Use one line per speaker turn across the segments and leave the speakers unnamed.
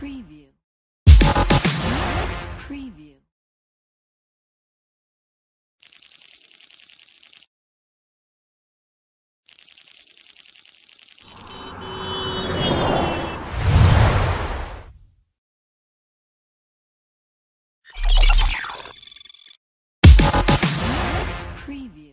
Preview. Preview. Preview.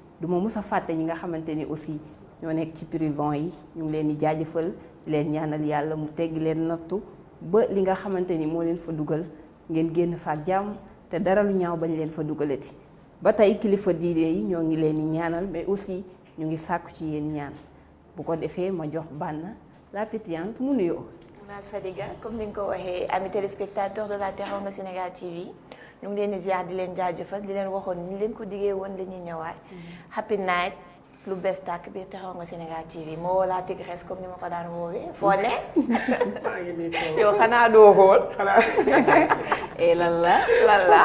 du ma mës a fàtte ñi nga xamante ni aussi ñoo nekk ci prison yi ñu ngi leen di jaajëfal leen ñaanal yàlla mu tegg leen nattu ba li nga xamante ni moo leen fa dugal ngeen génn fa jàmm te dara lu ñaaw bañ leen fa dugalati. ba tey kilifa diine yi ñoo ngi leen di ñaanal mais aussi ñu ngi sàkku ci yéen ñaan bu ko defee ma jox bànn la pétillante mu nuyoo.
comme ni nga ko waxee amis téléspectateurs de la Teranga Sénégal TV. ñu ngi leen ni ziar di leen jaajëfal di leen waxoon ñu leen ko diggee woon la ñuy ñëwaay. Mm-hmm. happy night lu bees tàkk bi taxaw nga Sénégal TV moo woo laa tigresse comme ni ma ko daan woowee foo ne. yow xanaa doo xool. xanaa eh lan la lan la.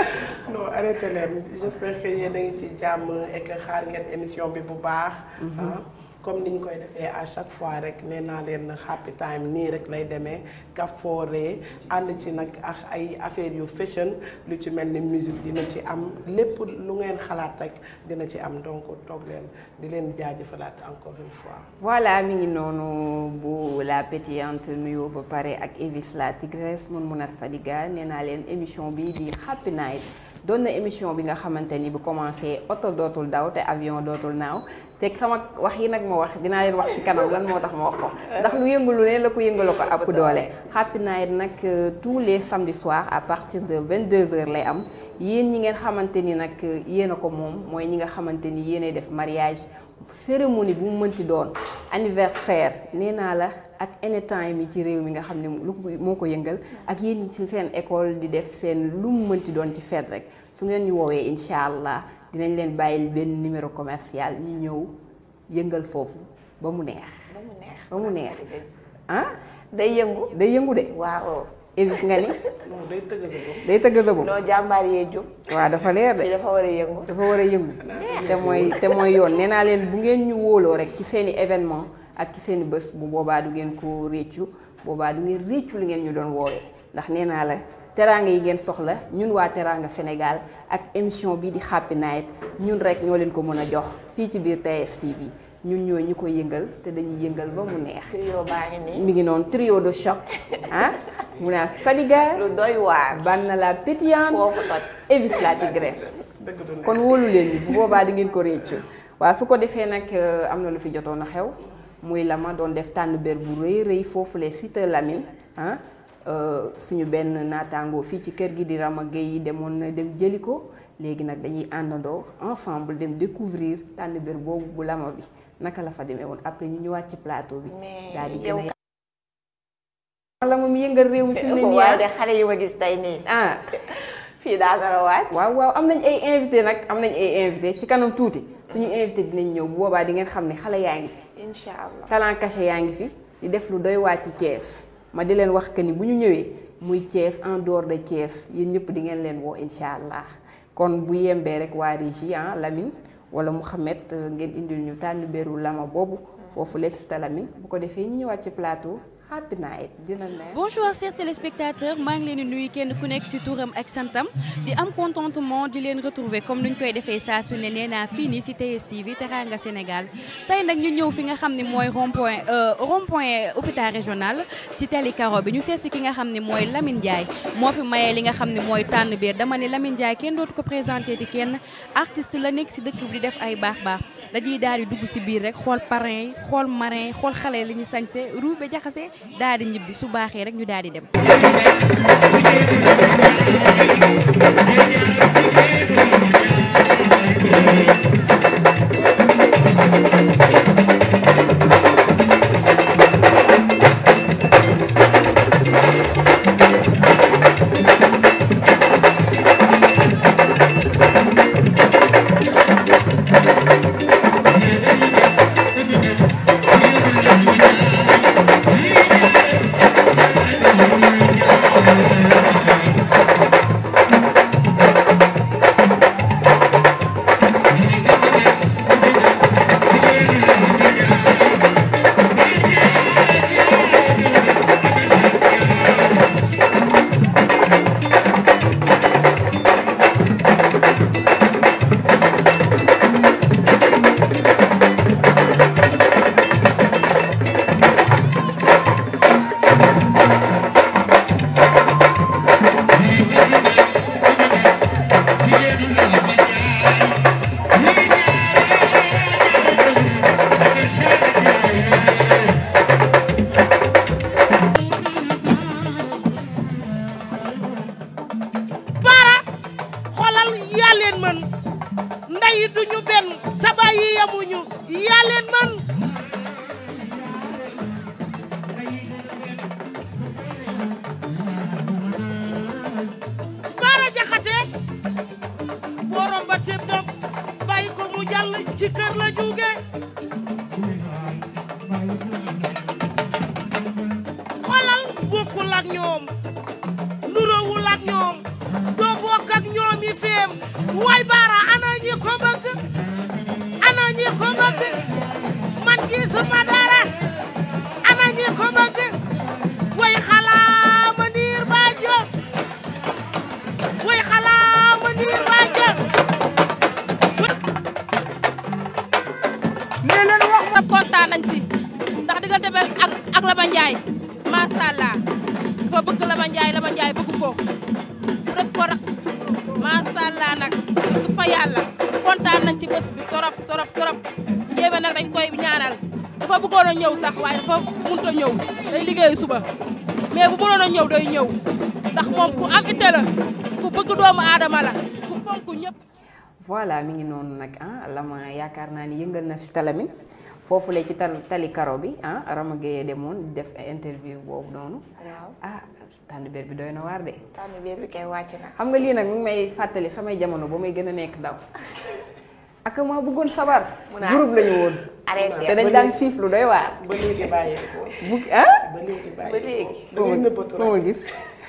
non arrêté
leen j'espère que yéen a ci jàmm et que xaar émission bi bu baax. Mm-hmm. Ah. comme niñ koy defee à chaque fois rek nee naa leen happy time nii rek lay demee kafooree ànd ci nag ak ay affaire yu fashion lu ci mel ni musique dina ci am lépp lu ngeen xalaat rek dina ci am donc toog leen di leen jaajëfalaat encore une fois.
voilà mi ngi noonu bu la pétillante nuyoo ba pare ak Evis la tigresse mun mun a Sadiga nee naa leen émission bi di happy night doon na émission bi nga xamante ni bu commencé oto dootul daw te avion dootul naaw. te sama wax yi nag ma wax dinaa leen wax ci kanam lan moo tax ma wax ko ndax lu yëngu lu la ko yëngal ko ab doole Happy Night nag euh, tous les samedis soirs à partir de 22h lay am yéen ñi ngeen xamante ni nag euh, yéen a ko moom mooy ñi nga xamante ni yéenay def mariage cérémonie bu mu mënti doon anniversaire nee naa la ak anytime yi ci réew mi nga xam ne lu moo ko yëngal ak yéen ñi ci seen école di def seen lu mu mënti doon ci fête rek su ngeen ñu woowee incha allah dinañ leen bàyyil benn numéro commercial ñu ñëw yëngal foofu ba mu neex. ba mu neex ah. day yëngu day yëngu de. waaw. Evis nga ni.
day tëgg sa bopp day tëgg sa bopp.
dafa leer de dafa war a yëngu. dafa war a yëngu.
te mooy te
mooy yoon nee naa leen bu ngeen ñu wóoloo rek ci seen i événement ak ci seen i bés bu boobaa du ngeen ko réccu boobaa du ngeen réccu li ngeen ñu doon woowee ndax nee naa la. teraanga yi ngeen soxla ñun waa teraanga Sénégal ak émission bii di Happy Night ñun rek ñoo leen ko mën a jox fii ci biir TSTV ñun ñoo ñu ko yëngal te dañuy yëngal ba mu neex.
trio ngi mi
ngi noonu trio de choc ah, mu naa Sadiga. doy waar Banna la pétillante. foofu toj Evis la tigresse kon wóolu leen ñu boobaa di ngeen ko réccu waaw su ko defee nag euh, am na lu fi jotoon a xew muy la ma doon def tànn bér bu rëy rëy foofu les cité lamin ah. Euh, suñu benn naataangoo fii ci kër gi di Rama Gueye yi demoon na dem jëli ko léegi nag dañuy àndandoo ensemble dem découvrir tànn biir boobu bu lama bi naka la fa demee woon après ñu ñëwaat ci plateau bi. daal di gën mi fi ah. waaw
xale yi ma gis tey nii ah. fii daa dara
waaw am nañ ay invité nag am nañ ay invité ci kanam tuuti suñu invité dinañ ñëw boobaa di ngeen xam ne xale yaa ngi fi. incha allah yaa ngi fi di def lu doy waa ci Thiès. ma di leen wax que ni bu ñu ñëwee muy en dehors de Thiès yéen ñëpp di ngeen leen woo incha kon bu yembee rek waa ah Lamine wala muhammed euh, ngeen indil ñu tànn beru lama les bu ko plateau happy night dina neex. bonjour chers téléspectateurs maa ngi leen di nuyu kenn ku nek ci touram ak santam di am contentement di leen retrouver comme nuñ koy défé sa su né nee naa fii nii si Teranga Sénégal tay nak ñu ñëw fi nga xamni moy rond point euh rond point hôpital régional ci tali Karo bi ñu seet ki nga xamni moy Lamine Ndiaye mo fi mayé li nga xamni moy tann tànn biir dama né Lamine Ndiaye kenn doot ko présenter di kenn artiste la nekk si dëkk bi def ay baax baax. dañuy daal di dugg si biir rek xool parrain
yi xool marin yi xool xale yi li ñu sañse ruube jaxase daal di ñibbi su baaxee rek ñu daal di dem.
voilà mi ngi noonu nag ah Lama yaakaar naa ni yëngal na si talamin foofu la ci tal tali karo bi ah Rama Gueye def interview boobu noonu.
waaw ah
tànn bi doy na waar de.
tànn beer bi kay wàcc na.
xam nga lii nag mi may fàttali samay jamono ba may gën a nekk ndaw ak maa bëggoon sabar. groupe la ñu woon. arrêté te dañ daan fiif
lu doy waar. ba ah. ba léegi bàyyi ko ba léegi. gis.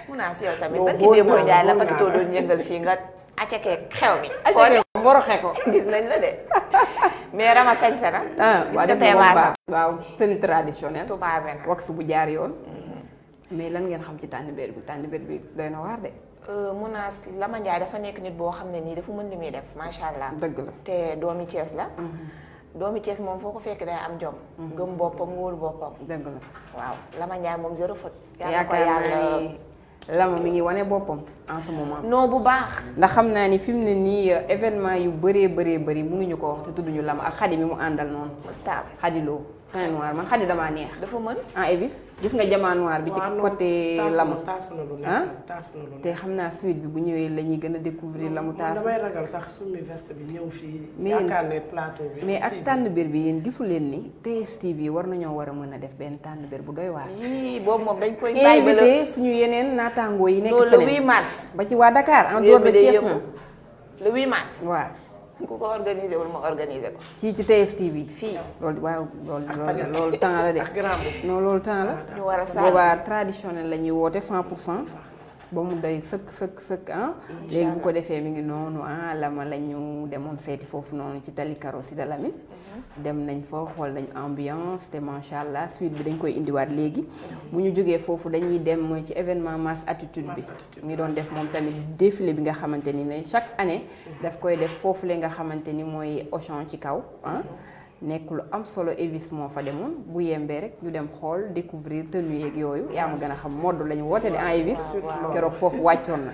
mun naa si yow tamit ban idée boo jaay la ba doon yëngal fii nga. acca boroxe ko gis nañ la de mais rama sañ sa na ah, waaw def na
waaw tenue traditionnelle tubaabe na wax bu jaar yoon mm-hmm. mais lan ngeen xam ci tànnibéer
bi tànnibéer bi doy na waar de euh, Munaas Lama Njaay dafa nekk nit boo xam ne nii dafa mën li muy def macha allah dëgg la te doomi Cees la mm-hmm. doomi Cees moom foo ko fekk day am jom mm-hmm. gëm boppam wóolu boppam dëgg la waaw Lama moom zéro faute yàlla ko yàlla
Lama mi wane en ce moment. non bu La ndax ni fi mu ne nii euh, événement yu bëree bëree bëri munuñu ko wax te Lama ak xadi mu stable teint noir man xadi damaa neex. dafa mën ah Evis gis nga jamaa noir bi. ci côté lamu ah te xam naa suite bi bu ñëwee la ñuy gën a découvrir lamu taasu. damay
ragal sax summi bi bi mais ak
tànn biir bi yéen gisu leen ni TSTV war nañoo war a mën def benn tànn biir bu doy waar.
yii boobu moom dañ koy. bàyyi ba invité
suñu yeneen naataangoo yi nekk feneen. loolu le 8 mars. ba ci waa Dakar en dehors de Thiès
le 8 mars waaw. ku ko organisé wul ma organisé ko.
fii ci TF TV. fii loolu waaw loolu ah, loolu loolu temps la de. Ah, non loolu temps la. war a boobaa traditionnel la ñuy woote 100 pour cent. bon day seuk seuk seuk qui bu ko mi ngi ah, la ci tali karo ci de mhm. dem nañ fo xol ambiance té qui suite bi dañ koy mhm. bu ñu fofu dañuy dem ci événement mass attitude bi mi doon def tamit bi nga chaque année mhm. daf koy def nga kaw ah. nekk lu am solo Evis moo fa demoon bu yembee rek ñu dem xool découvrir tenue yeeg yooyu yaa ma gën a xam modd lañu woote di en Evis keroog foofu wàccoon na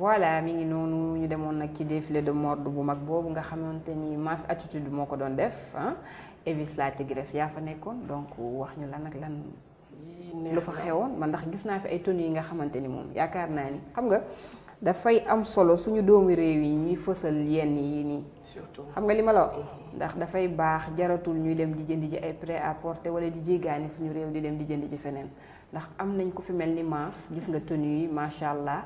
voilà mi ngi noonu ñu demoon nag ci défilé de mode bu mag boobu nga xamante ni mass attitude moo ko doon def ah Evis la Tigresse yaa fa nekkoon donc wax ñu lan ak lan. lu fa xewoon man ndax gis naa fi ay tenues yi nga xamante ni moom yaakaar naa ni xam nga dafay am solo suñu doomi réew yi ñuy fësal yenn yi nii. xam nga li la ndax dafay baax jaratul ñuy dem di jënd ji ay prêt à porter wala di jéggaani suñu réew di dem di jënd ji feneen ndax am nañ ko fi mel ni maas gis nga tenue yi macha allah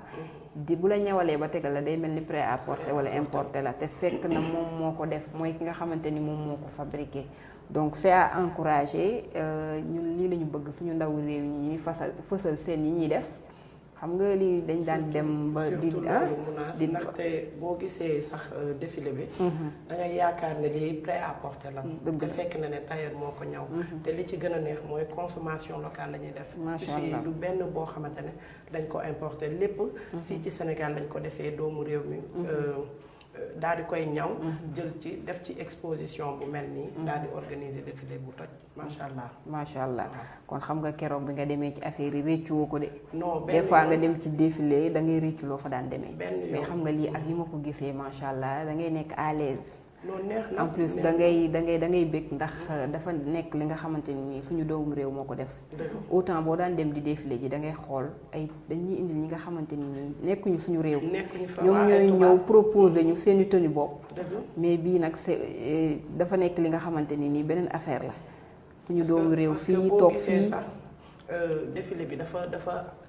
di bu la ñawalee ba tegal la day mel ni prêt à porter wala importer la te fekk na moom moo ko def mooy ki nga xamante ni moom moo ko fabriqué. donc c'est à encourager euh, ñun lii la ñu bëgg suñu ndaw réew ñi ñuy fasal fësal seen yi ñuy def xam nga li dañ daan dem ba di ah, di ndaxte boo gisee sax euh,
défilé bi mhm. da ngay yaakaar ne lii prêt à porter la mhm, dëgg fekk na ne tailleur moo ko ñaw mhm. te li ci gën a neex mooy consommation locale la ñuy def fii du benn boo xamante ne dañ ko importer lépp fii ci Sénégal lañ ko defee doomu réew mi euh, daal di koy ñaw mhm. jël ci def ci exposition bu mel nii mhm. daal di organiser défilé bu toj
macha allah macha allah kon xam nga keroog bi nga demee ci affaire yi réccuwoo ko de non des fois nga dem ci défilé da ngay réccu loo fa daan demee mais xam nga lii ak ni ma ko gisee macha allah da ngay nekk à l'aise
en plus da
ngay da ngay da ngay bëgg ndax dafa nekk li nga xamante nii suñu doomu réew moo ko def autant boo daan dem di défilé ji da ngay xool ay dañuy indil ñi nga xamante ni nekkuñu suñu réew ñoom ñooy ñëw proposé ñu seeni tenue bopp mais bii nag c'est eh, dafa nekk li nga xamante ni nii beneen affaire la suñu doomu réew fii toog fii
euh, défilé bi dafa dafa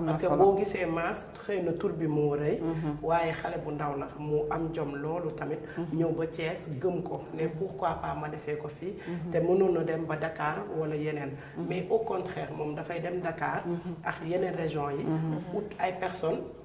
parce que boo gisee maas xëy na tur bi moo rëy. Mhm. waaye xale bu ndaw la mu am jom loolu tamit. Mhm. ñëw ba Thiès gëm ko ne mhm. pourquoi pas ma defee ko fii. te mënoon na dem ba Dakar wala yeneen. mais au contraire moom dafay dem Dakar. ak Yenen région yi. ut ay personnes.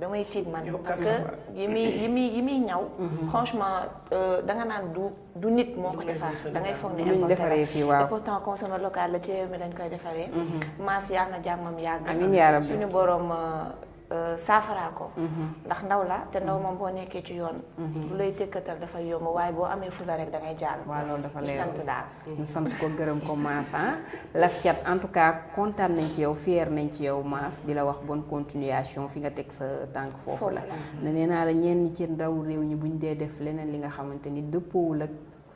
damay tiit man parce que yi muy yi muy yi muy ñaw mhm. franchement euh, danga naan du du nit moo ko defar dangay foog ne importé et pourtant consommé local la ci réew mi lañ koy defaree mhm. maas yàlla na jàmmam yàgg suñu borom euh, Euh, saafaraal ko. Mhm. ndax ndaw la te ndaw mhm. moom boo nekkee ci yoon. Mhm. lu lay tëkkatal dafa yomb waaye boo amee fula rek da ngay jàll. waaw loolu dafa leer sant daal. ñu
sant
ko gërëm ko Mass ah. laf cat en tout cas kontaan nañ ci yow fier nañ ci yow Mass di la wax bonne continuation fi nga teg sa tànk foofu la. nee naa la ñenn ci ndaw réew ñi buñ dee def leneen li nga xamante ni dëppoowul ak.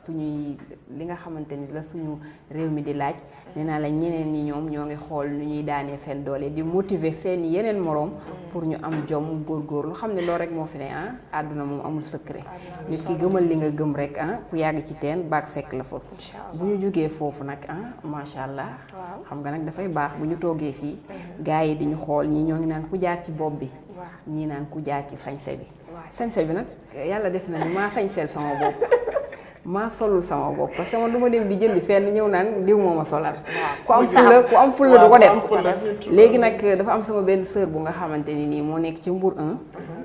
suñuy li nga xamante ni la suñu réew mi di laaj nee naa la ñeneen ñi ñoom ñoo ngi xool nu ñuy daanee seen doole di motiver seen yeneen moroom pour ñu am jom góorgóorlu xam ne loolu rek moo fi ne ah àdduna moom amul secret nit ki gëmal li nga gëm rek ah ku yàgg ci teen baag fekk la fa bu ñu jógee foofu nag ah macha allah xam nga nag dafay baax bu ñu toogee fii gars yi di ñu xool ñi ñoo ngi naan ku jaar ci bopp bi ñii naan ku jaar ci sañse bi sañse bi nag maa solul sama bopp parce que man du ma dem di jëndi fenn ñëw naan diw moo a solal. ku am fulla ku am fulla du ko def. léegi nag euh, dafa am sama benn sœur bu nga xamante ni nii moo nekk ci Mbour 1. Mhm.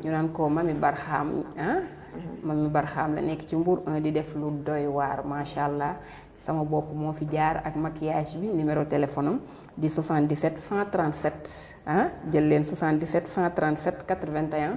ñu naan ko Mami Barxaam ah.
Mhm.
Mami Barxaam la nekk ci Mbour 1 di def lu doy waar macha allah sama bopp moo fi jaar ak maquillage bi numéro téléphone am di 77 137 ah jël leen 77 137 81.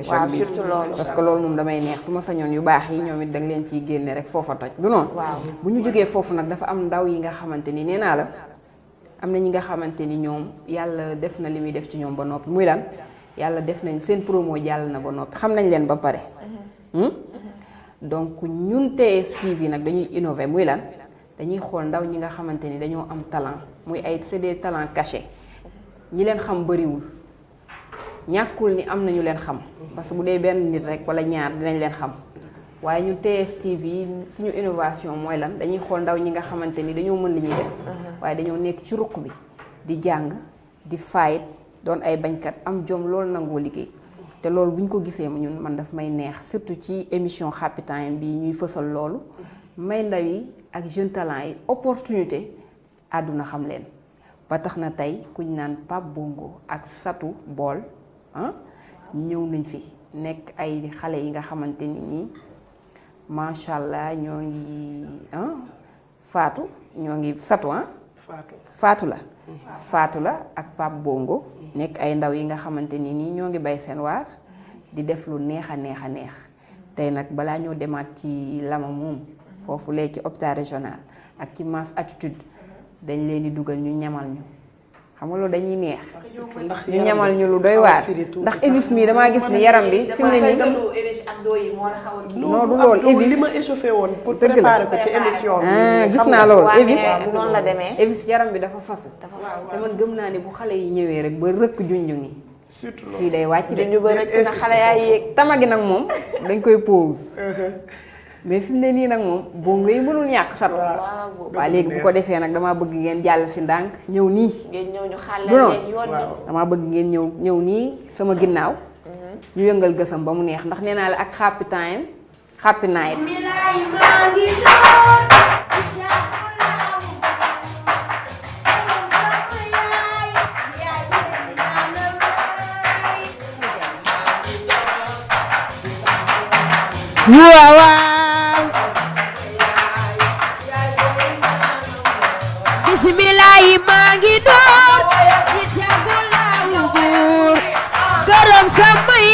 de choc bi parce que loolu moom damay neex su ma sañoon yu baax yi ñoom it danga leen ciy génne rek foofa toj du noonu bu ñu jógee foofu nag dafa am ndaw yi nga xamante ni nee naa la am na ñi nga xamante ni ñoom yàlla def na li muy def ci ñoom ba noppi muy lan yàlla def nañ seen promo jàll na ba noppi xam nañ leen ba pare uh-huh. hmm? donc ñun TSTV nag dañuy innover muy lan dañuy xool ndaw ñi nga xamante ni dañoo am talent muy ay c'est des talents cachés ñi leen xam bëriwul ñàkkul ni am nañu leen xam parce que bu dee benn nit rek wala ñaar dinañ leen xam waaye ñun TSTV suñu innovation mooy lan dañuy xool ndaw ñi nga xamante ni dañoo mën li ñuy uh-huh. waaye dañoo nekk ci ruq bi di jàng di fayit doon ay bañkat am jom loolu nangoo liggéey te loolu bu ñu ko gisee ma ñun man dafa may neex surtout ci émission Happy Time bi ñuy fësal loolu may ndaw yi ak jeune talent yi opportunité àdduna xam leen ba tax na tey kuñ naan Pape Bongo ak Satu Bool ah ñëw nañ fi nekk ay xale yi nga xamante ni nii macha allah ñoo ngi ah, faatu ñoo ngi satu ah. faatu la. Mm-hmm. faatu la ak Pape Bongo. Mm-hmm. nekk ay ndaw yi nga xamante ni nii ñoo ngi bay seen waar mm-hmm. di def lu neex a neex a neex tey nag balaa ñoo demaat ci lama moom foofu lee ci hôpital régional ak ci mass attitude dañ leen di dugal ñu ñamal ñu. xam nga loolu dañuy neex ndax ñu ñamal ñu lu doy waar ndax Evis mii damaa gis ni yaram bi fi mu ne nii
non loolu Evis li ma échauffé woon pour
préparer ko ci émission gis naa loolu noonu la demee Evis yaram bi dafa fasu te man gëm naa ni bu xale yi ñëwee rek ba rëkk junjung yi surtout fii day wàcc de ñu ba rëkk na xale yaa yéeg tama gi nag moom dañ koy pause mais fi mu ne nii nag moom bongo yi mënul ñàkk sat
waaw
léegi bu ko defee nag damaa bëgg ngeen jàll si ndànk ñëw nii ngeen damaa bëgg ngeen ñëw ñëw nii sama ginnaaw
mm-hmm.
ñu yëngal gësam ba mu neex ndax nee naa la ak happy time happy night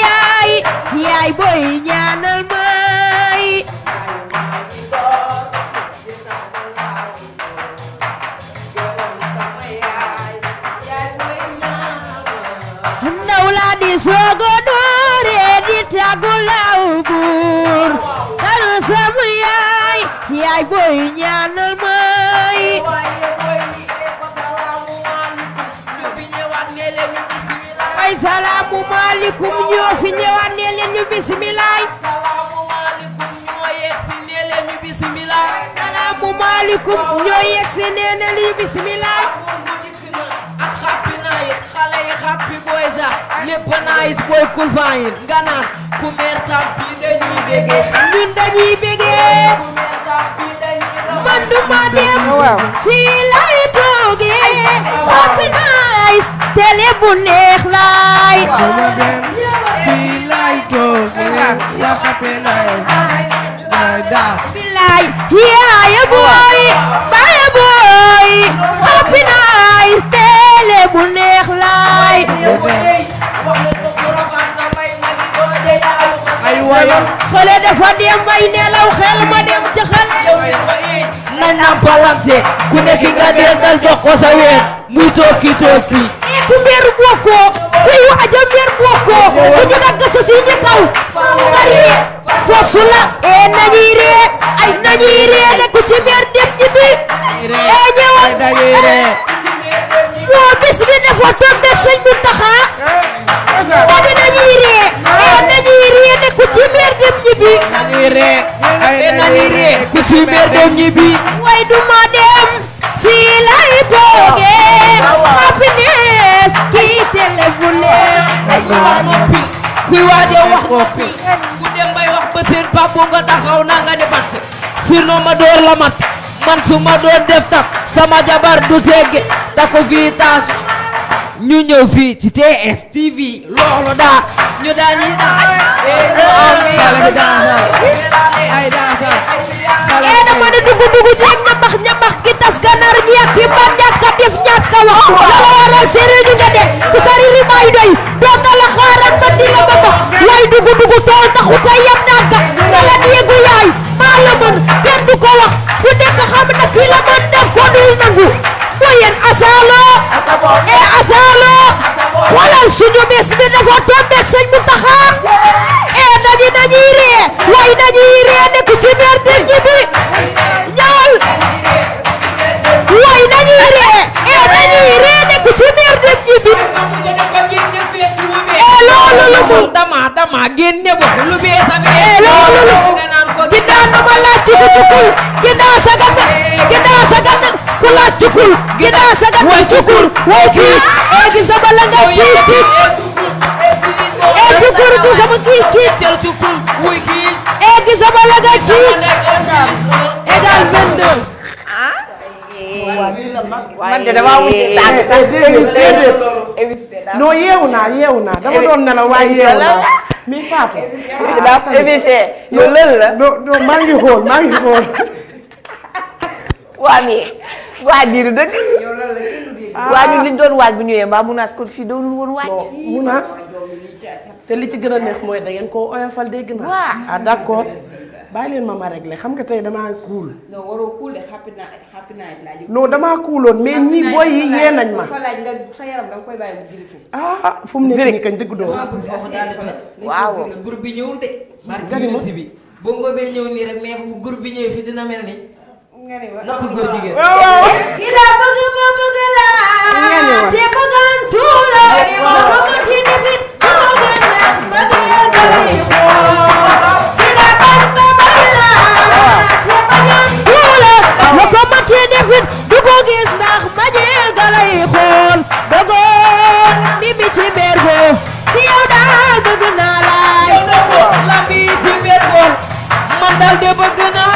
yai Yai boi nyanal mai lao di sogodur Edi tragula ubur Taru ai Yai nhà nyanal mai
salaamu maaleykum ñoo fi ñëwaat nee leen salaamu maaleykum ñoo yegg si nee leen salaamu maaleykum ñoo yegg si nee leen ak xàppi naa xale yi xàppi booy sax lépp naa is nga naan ku meer tam dañuy bégee. ñun dañuy bégee. man du ma dem.
fii may nelaw xel ma dem ci xale nañ nampalante ku nekk nga dendal jox ko sa ween muy tokki tokki eh, ku mer bokkoo kuy waaja mer bokkoo ku ñu dagg sa si kaw nga ree fosu la ee eh, nañuy ree ay nañuy ku ci mer dem ñibbi ee eh, ñëwal moo bis bi dafa tombe sëñ bi di ree ay na di ku si dem ñibbi way du dem fii lay toogee happiness kii
téléphoné ay waa noppi kuy waaje wax ku dem bay wax ba seen papa nga taxaw na nga ne bat sinon ma door la mat man su ma doon def tap sama jabar du tegge ta fii taasu ñu ñëw fii ci TS TV loolu daa ñu daañuy daal.
la wax nga de ku sari ribaay doy doo ko la xaaral ba di ba ko dugu dugu tool taxu tey yem naa nga la yegu yaay maa la mën kenn du ko wax ku nekk xam na kii la ko dul nangu mooy yéen asaaloo. asaaloo eh asaaloo. xoolal suñu bés bi dafa
naa yeewu naa dama doon nelaw waaye yeewu naa mi Fatou. daa ko émission
yow lan la. do do maa ngi xool maa ngi xool. waa mi waa diiru dëgg. yow lan
la Ah. waa ñun liñ doon
waaj bu ñëwee mbaa munaas kon fii doonul woon waaj.
munaas te li ci gën a neex mooy da ngeen koo oyofal dégg naa. waaw ah d'accord bàyyi leen ma ma réglé xam nga tey damaa kuul.
non waroo kuul de xàppi naa xàppi naa laaj. non
damaa kuuloon mais ñii booy yi yee nañ ma.
sa yaram da nga koy bàyyi
ah fu mu nekk nii kañ dëgg doon.
waaw groupe bi ñëwul de. marque bi bongo bee ñëw nii mais bu groupe bi ñëwee fi dina mel ni nga ne ma natt góor jigéen. waaw waaw ki la
bëgg ba bëgg
laa. nga ne ma te bëggoon tuula.
dafa mën ci defit moo a bëgg la bëgg bëgg laa. te bëggoon tuula. la ko mën ci defit du ko gis ndax mbajeel dalay xool. bëggoon mi ci meer xool. fi yow daal bëgg naa laay. yow nag la bëgg naa.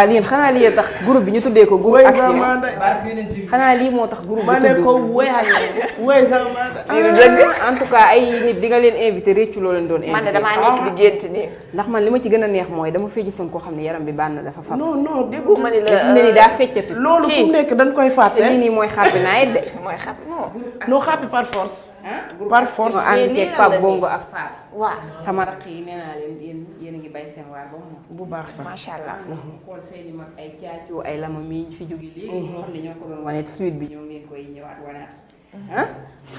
waa lii xanaa lii tax groupe bi ñu tuddee ko groupe action xanaa lii moo tax groupe bi tudd ko way sax ah, en tout cas ay di nga leen invité réccu loo leen doon invité man de damaa nekk nii man li ma ci gën neex mooy dama fee gisoon koo xam ne yaram bi bànn dafa fas non
non déggu ma
loolu fu nekk dañ koy fàtte nii mooy xàppi naa de mooy xàppi non xàppi par par force ànd ceeg Pape Bongo ak Fall. sama rakk yi nee naa leen yéen yéen ngi bay seen waar ba mu bu baax sax macha allah. xool seeni mag ay caacoo ay lama mi fi jóge léegi. Mhm. ñoo xam ne ñoo ko doon wane suite bi ñoo ngeen koy ñëwaat wanaat. Mhm. Ah?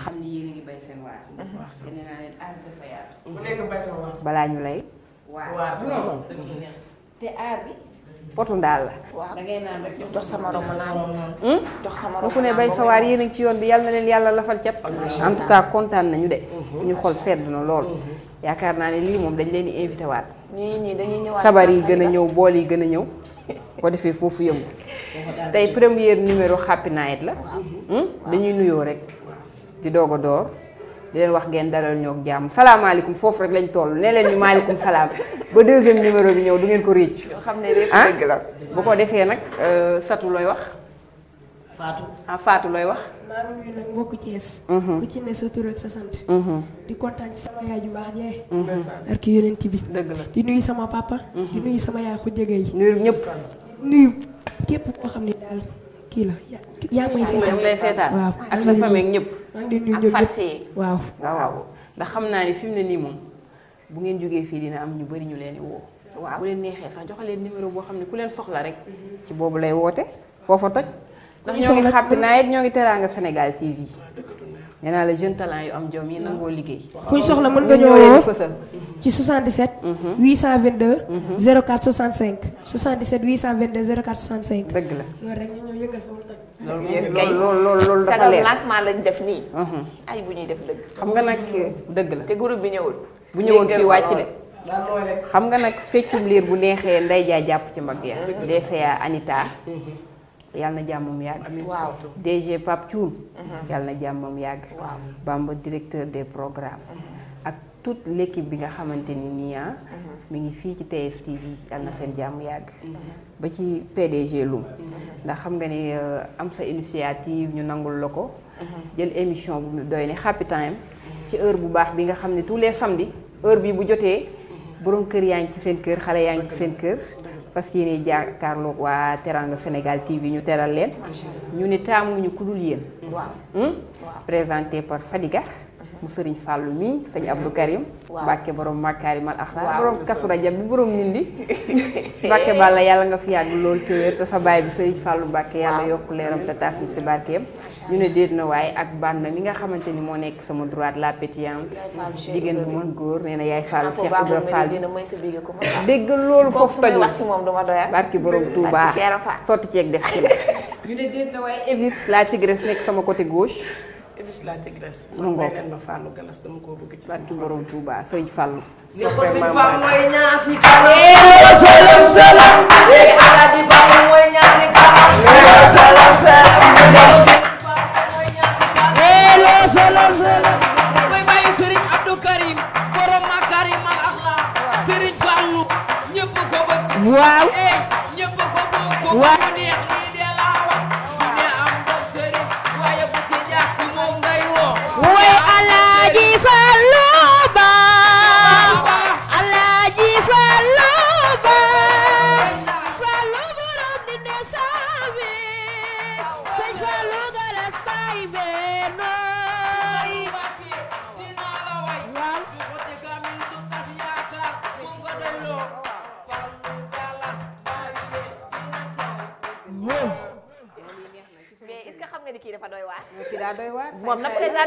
xam ni yéen a ngi mhm. balaa ñu lay. te aar bi. potu ndaal la. waaw da ngay naan rek jox hmm? Hmm? sa ne bay sawaar yéen a ci yoon bi yal na leen yàlla lafal cat. en kontaan nañu de. Hmm. ñu xol sedd na lool. yaakaar naa ne lii moom dañ leen di invité waat. ñii ñii dañuy ñëwaat sabar yi gën a ñëw bool yi gën a ñëw. ko defee foofu yëngu. tey première numéro Happy Night la. dañuy nuyoo rek. di doog a door. leen wax ngeen dalal ñoo ak jàmm salaamaaleykum foofu rek lañ toll ne leen ñu maaleykum salaam ba deuxième numéro bi ñëw du ngeen ko réccu.
xam ne lépp ah?
dëgg ko defee nag euh, Satu looy wax. Ah, Fatou looy wax. maa
ngi nuyu mhm. ci ne sa sant. Mhm. di kontaan ci sama yaay ju baax
jee. Mhm. nuyu sama papa. di nuyu sama yaay ku yi. nuyu ñëpp. nuyu képp koo xam ne daal kii la
yaa ngi seetaan waaw ak sa famille ñëpp. ak fàtte waaw waaw ndax xam naa ni fi mu ne nii moom bu ngeen jógee fii dina am ñu bari ñu leen di woo waaw bu leen neexee sax jox leen numéro boo xam ne ku leen soxla rek mhm. ci boobu lay woote foofa toj ndax ñoo ngi xàppi naa it ñoo ngi teraanga senegal TV nee naa la jeune talent yu am jom yi nangoo liggéey. kuy soxla mën nga ñoo woo ci 77. 822. 04 65 77 822 04 65. dëgg la
loolu rek ñu ñëw yëgal foofu. loolu loolu loolu dafa leer lancement lañ def nii. Uh-huh. ay bu ñuy def dëgg. xam nga nag eh, dëgg la te groupe bi ñëwul. bu ñëwoon fii wàcc de.
xam nga nag feccum liir bu neexee nday jaay jàpp ci mbagg ya mm-hmm. DCA Anita. Mm-hmm. Mm-hmm. yàlla na jàmmam yàgg. waaw DG Pape Thioum. yàlla na jàmmam yàgg. Bamba directeur des programme ak tout l' bi nga xamante ni nii ah, mu ngi fii ci TS TV na seen jàmm yàgg. ba ci PDG Loum ndax xam nga ni euh, am sa initiative ñu nangul la ko mhm. jël émission bu doy ne happy time ci heure bu baax bi nga xam ne tous les samedis heure bi bu jotee mhm. borom kër yaa ngi ci seen kër xale yaa ngi ci seen kër fas yéene jàkkaarloog waa Teranga Sénégal TV ñu teral leen ñu ne taamuñu ku dul yéen hmm? présenté par Fadiga mu falumi fàllu mi sëñ Abdou Karim Mbàkke borom mal axlaa borom kasura jam bi borom nindi Mbàkke Balla yalla nga fi yag lol te wér te sa bay bi sëriñ fàllu Mbàkke yalla yok leeram te taas ñu si ñu ne deet na way ak bànn mi nga xamanteni mo nek sama droite la pétillante digeen bu mën góor nee na yaay ah, Cheikh Ibra lol
dégg loolu maximum toj na barki borom Touba ci
ak def ci
ñu ne deet na way
Evis la tigresse nek sama côté gauche ci laa ci Grèce. mu ngoog leen ma Fallou Galas dama koo bëgg ci. barki borom Touba Sëriñ Fallou. ni ko sëñ Fallou mooy ñaasi kanam. salam salam. léegi Alaaji Fallou mooy ñaasi kanam. salam salam.
Wow. Hey, wow.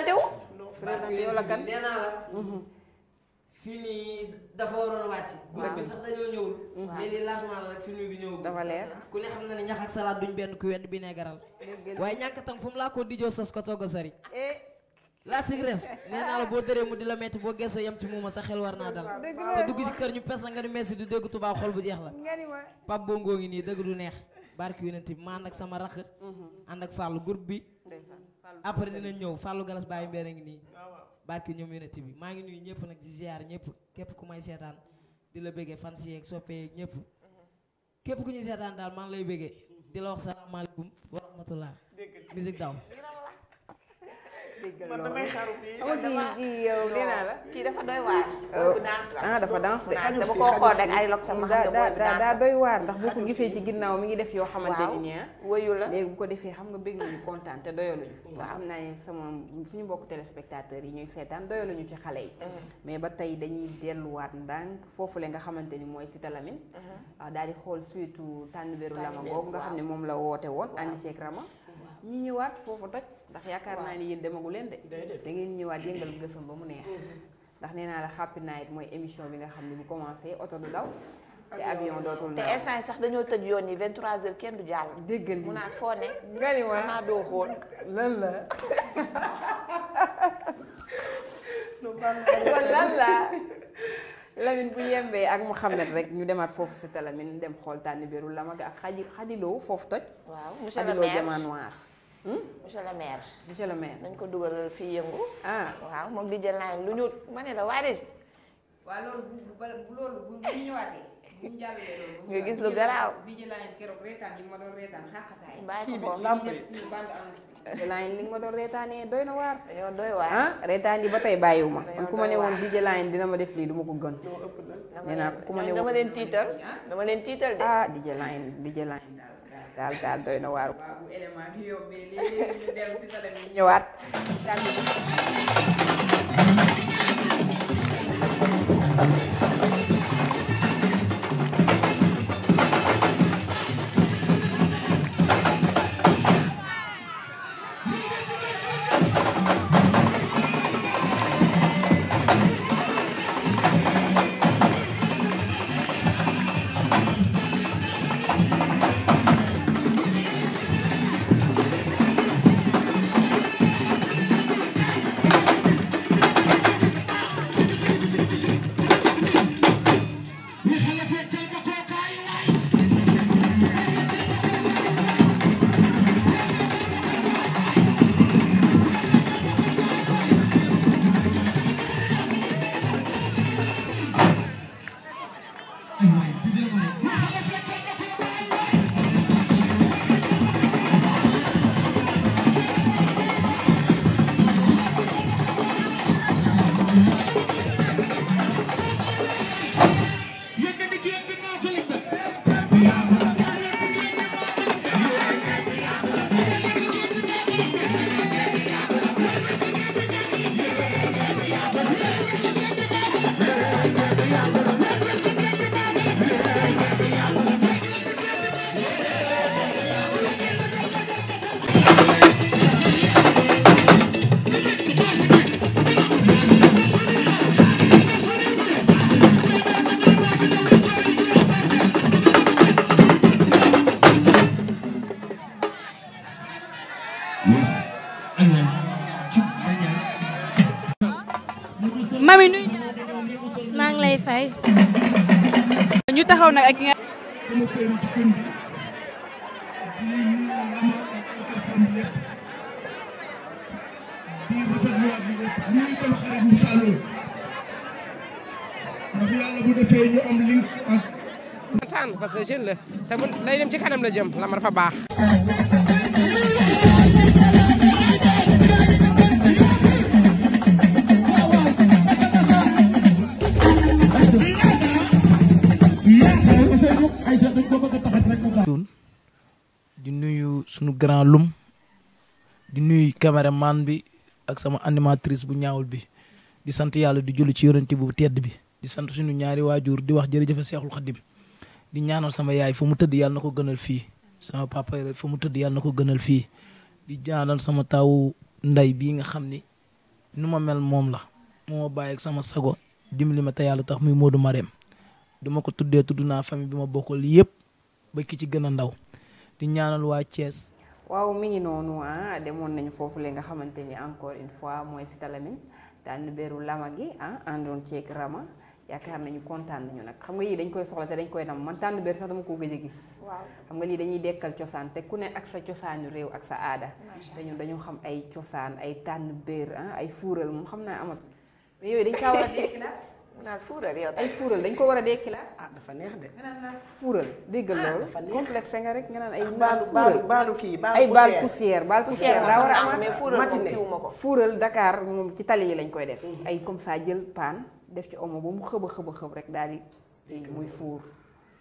présenté wu. présenté wu la kan nee naa la.
Mhm. fii nii dafa waroon wàcc. guddi bi sax dañoo ñëwul. Mhm. mais li lancement la nag film bi ñëwul. dafa leer ah, ku ne xam na ne ñax ak salade duñ benn ku wedd bi ne garal. waaye ñàkk tam fu mu laa ko dijoo sos ko togg a sori. Eh. la sigresse nee naa la boo dëree mu di la metti boo geesoo yem ci muuma sa xel war dal te dugg ci kër ñu pes nga ni messi du dégg tubaab xol bu jeex la Pape Bongo ngi nii dëgg du neex barki yonent bi ak sama rakk mhm. ànd ak Fallou groupe bi après dina ñëw Fallou Galas Baye Mbène a ngi nii ah, barke ñoom unité bi maa ngi nuyu ñëpp nag di ziar ñëpp képp ku may seetaan di la bëggee fan si yeeg soppe yeeg ñëpp képp ku ñuy seetaan daal maa ngi lay bëggee di la wax salaamaaleykum wa rahmatullah musique daw
man damay xaru fii kii la. kii dafa doy waar. bu danse la ah, dafa danse de. koo xool rek ay lok
sama xam nga daa doy waar ndax boo ko gisee ci ginnaaw mi ngi def yoo xamante ni ah. wëyu la léegi bu ko defee xam nga bëgg nañu kontaan te doyaluñu. ndax am naa ne sama suñu bokk téléspectateurs yi ñuy seetaan doyaluñu ci xale yi. Mm-hmm. mais ba tey dañuy delluwaat ndànk foofu la nga xamante ni mooy si talamin. waaw mm-hmm. ah, daal di xool surtout tànn beeru lama boobu nga xam ne moom la woote woon ànd ceeg rama ñu ñëwaat foofu toj ndax yaakaar naa ni yéen demagu leen de da ngeen ñëwaat yëngal gësam ba mu neex ndax nee naa la xàppi naa it mooy émission bi nga xam ne bu commencé oto du daw te avion dootul ndaw te instant sax dañoo tëj yoon yi
23h kenn du jàll. déggal mu naa foo ne. nga ni ma xanaa
doo xool. lan la. kon lan la Lamine bu yembee ak Mouhamed rek ñu demaat foofu si te Lamine dem xool tànn biiru Lamaga ak
xadi xadiloo foofu toj. waaw monsieur le maire xadiloo jamaa noir. Hmm? monsieur le maire. monsieur le maire nañ ko dugalal fii ah waaw moom di jël naa lu ñuul ma la waa de.
waa loolu bu bu loolu bu ñu ñëwaatee. bu ñu jàllalee loolu. nga gis lu garaaw bi jël naa keroog reetaan yi ma doon reetaan xaqataay. bàyyi ko foofu lampe Line ma doon reetaanee doy na waar. doy waar ah reetaan yi man dina ma def ko gën. dama dama ah? de. ah DJ Line daal daal doy na waar. bu élément bi yombee léegi ñu dem si télé bi ñëwaat. ngi taxaw nag ak ki nga. sama séeréer ci kën bi di
nuyu Lamar ak orchestre bi yëpp di rafetlu ak yëpp nuyu sama xarit Moussa Lo ndax yàlla bu defee ñu am link ak. kontaan parce que jeune la te bu lay dem ci kanam la jëm Lamar dafa baax. caméraman bi ak sama animatrice bu ñaawul bi di sant yàlla di julli ci yonent bu tedd bi di sant suñu ñaari waajur di wax jërëjëf xa Xadim di ñaanal sama yaay fu mu tëdd yàlla na ko gënal fii sama papa fu mu tëdd yàlla na ko gënal fii di ñaanal sama taw nday bii nga xam ni nu ma mel moom la moo bàyyi ak sama sago dimbali ma te yàlla tax muy Modou Marème du ma ko tuddee tudd naa famille bi ma bokkal yëpp ba ki ci gën a ndaw di ñaanal waa Thiès
waaw mi ngi noonu ah demoon nañu foofu le nga xamante ni encore une fois mooy si talamin tànn beeru lama gi ah àndoon ceeg rama yaakaar nañu kontaan nañu nag xam nga yii dañ koy soxla te dañ koy nam man tànn beer sax dama koo gëj a gis. waaw xam nga lii dañuy dekkal cosaan te ku ne ak sa cosaanu réew ak sa aada. dañu dañu xam ay cosaan ay tànn beer ah, ay fuural moom xam naa amat mais yooyu dañ kaa war a dégg
nag naa
fuural yow ay fuural dañ ko war a dekki la ah dafa neex de. fuural déggal ah, loolu. complexe nga rek nga naan ay. Ah, baalu baalu baalu kii ay baal poussière baal poussière daa war a ah, am mais fuural dakaar moom ci tali yi lañ koy def. Mm-hmm. ay comme ça jël paan def ci omo ba mu xëba xëba xëb rek daal di muy fuur.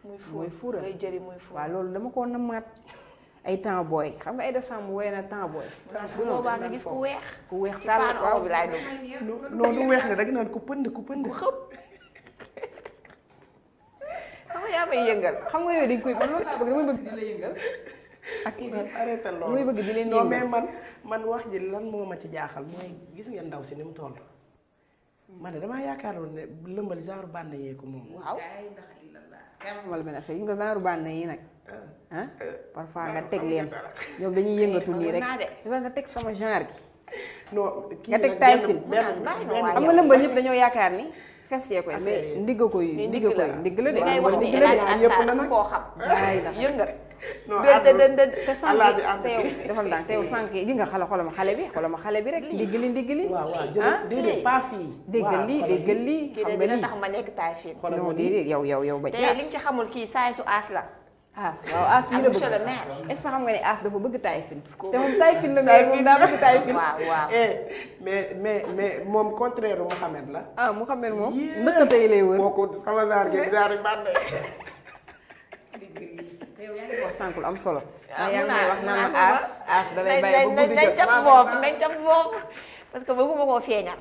muy fuur muy fuural
muy loolu dama ko namaat. ay temps booy xam nga ay décembre woy na temps booy. bu boobaa nga gis ku weex. ku weex tàll waaw bi laay dugg. non weex ne da naan ku pënd ku pënd. ku xëpp. xam nga yaa may yëngal xam nga yooyu dañ koy man loolu laa bëgg
damay man wax ji lan moo ma ci jaaxal mooy gis nga ndaw si ni mu toll. ma ne damaa yaakaaroon ne lëmbal genre
bànn yee ko moom. waaw. nga genre bànn yi nag. Ah. ah parfois nga teg leen ñoom dañuy yëngatu nii rek dafa nga teg sama genre gi. non nga teg taay fin nga lëmbal ñëpp dañoo yaakaar ni. fes yee koy mais ndigg koy ndigg koy ndigg la de waaw ndigg koo xam. waay la yëngal. non te sànq teew defal naa teew sànq gi nga xala xolama xale bi xolama xale bi rek ndigg li ndigg li. waaw waaw jërëjëf déedéet pas fii. déggal lii déggal lii xam nga lii. kii ma
nekk taay fii. non déedéet yow yow yow ba. te li nga ci xamul kii saay su aas la aaf waaw aaf yi la bëgg monsieur le xam nga ne aaf dafa bëgg Taïfin. te moom Taïfin
la mais moom daa bëgg Taïfin.
waaw
waaw eh, moom contraire lu la.
Ah, moom ndëkkate yi
lay wër. kooku sama
lu am solo. ah yaa ngi wax naan ma foofu
nañ cap foofu parce que bëgguma koo feeñal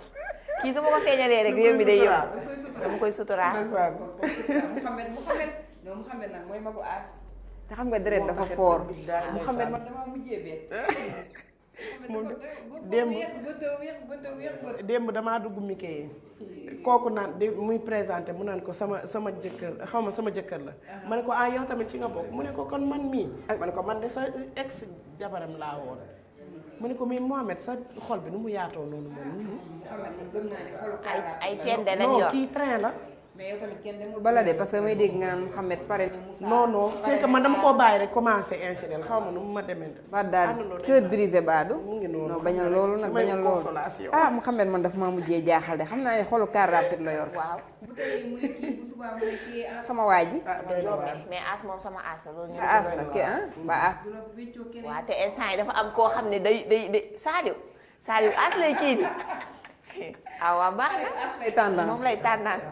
kii su ma ko feeñalee rek réew mi day yëngu dama koy suturaal. xam nga deret dafa foor Mouhamed man
damaa mujjee bett moom
démb
démb damaa dugg mike yi kooku naan di muy présenté mu naan ko sama sama jëkkër xaw ma sama jëkkër la uh-huh. ma ne ko ah yow tamit ci nga bokk mu ne ko kon man mii ma ne ko man de sa ex jabaram laa woon mu ne ko muy Mohamed sa xol bi nu mu yaatoo noonu moom
ay ay kenn danañ yor kii train la bala de parce que may dégg nga naan
Mouhamed pare na. non non commencé infidèle xaw ma nu mu ma demee. ba daal cœur brisé baadu. mu bañal loolu nag
bañal loolu. ah Mouhamed man dafa maa mujjee jaaxal de xam naa ne xolu car rapide la yor. Ah.
sama waa ji. Ah, mais as moom sama as la loolu. la ah, kii ah ba as. te instant yi dafa am koo xam ne day day day Sadio Sadio as lay kii di ah waaw baax na moom tendance.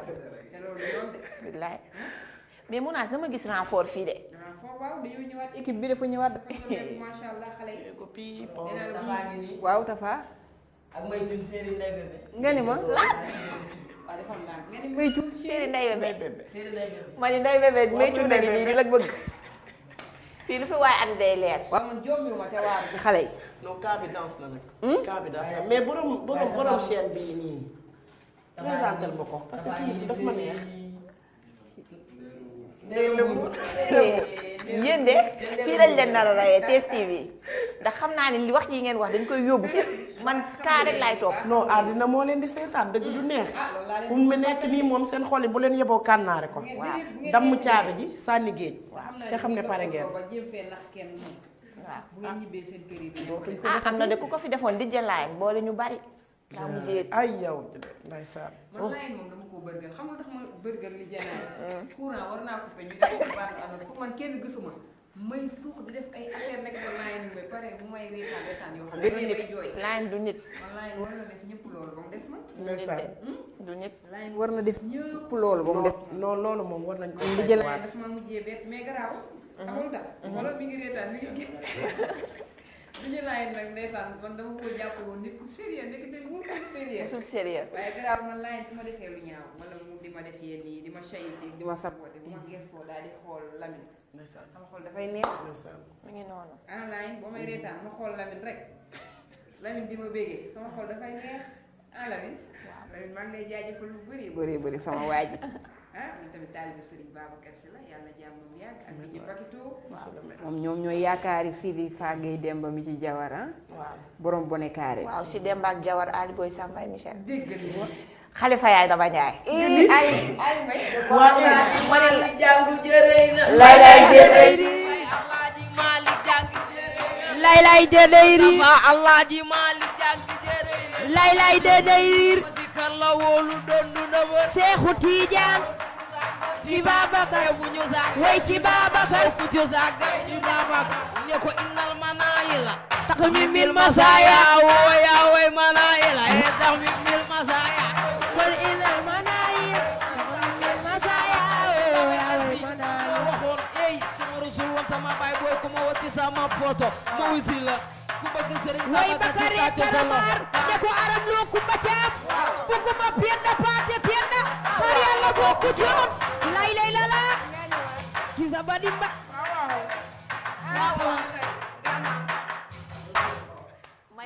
mais Mounas dama gis renfort fii de. renfort waaw dañoo
ñëwaat équipe bi dafa
ñëwaat dafa ñëwaat
macha allah xale yi copie waaw Tafa. ak may jun séeri ndey
bébé.
nga ni ma laaj.
waaw dafa am nga
ni
may jun
séeri ndey bébé.
séeri ndey bébé.
ma ni ndey bébé may jun nag nii di la bëgg. fii lu fi waay am day leer. waaw man jombi ma te waa xale yi.
non cas bi danse la nag. cas bi danse la mais borom borom borom chaîne bii nii. présenté ma ko parce que kii daf ma neex.
Eh, yéen de leen nar la rayee TS TV ndax xam naa ne li wax ji ngeen wax dañ koy yóbbu fi man
kaa rek laay toog. no àddina ah, moo leen di seetaan dëgg du neex fu mu nekk nii moom seen xol yi bu leen yeboo kànnaare ko. waaw damm caabi ji sànni géej. waaw te xam ne pare ngeen.
waaw ah. ah am na de ku ko
fi defoon di jëlaayam boole ñu bari. lamb jéeg ay yow ndeysaan man layen
moom dama koo bërgal xam nga tax ma bërgal li janaay courant war naa coupé ñu def ko man kenn gisuma may suux di def ay affaire nekk ba layen bi pare bu may reetaan reetaan yoo xam ne may jooy layen du nit man layen war na def ñëpp loolu ba mu def ma ndeysaan du nit layen war na def ñëpp
loolu ba mu def loolu loolu moom war nañ ko
ma mujjee bett mais garaaw xamul tax wala mi ngi reetaan mi ngi ñu naan nag ndeysaan man dama ko jàpp woon nit ku sérieux nekk tey mu sérieux musul sérieux waaye garaaw man laa su ma defee lu ñaaw wala mu di ma def nii yi di ma chay di di ma saboté bu ma daal di xool Lamine ndeysaan sama xool dafay neex ndeysaan mu ngi noonu ana Lamine boo may reetaan ma xool Lamine rek Lamine di ma bégee sama xool dafay neex ah Lamine waaw Lamine maa ngi lay jaajëfal lu bëri bëri bëri sama waa ji ah moom ñoom ñooy yaakaari Sidi Fagay Demba mi ci Jawar borom bone carré. waaw
si Demba Jawar Ali Boy Samba Michel. xalifa yaay dama ñaay. ay ay ay. waaw man la jàng jërëy na.
lay lay jërëy Seexu Tijaan ci Babakar way ci Babakar ku ci zaga ci Babakar ne ko innal manayila
takmi mil masaya wo ya way manayila
e takmi mil masaya qul innal manayila takmi mil masaya wo ya way manayila waxoon ey sama rasul woon sama baay booy ku ma wati sama photo ma wisi la ku bëgg sëriñ way bakari karamar ne ko aram lo kumba caam bu kumba pienda paate pienda
bokku joon
lay lay lala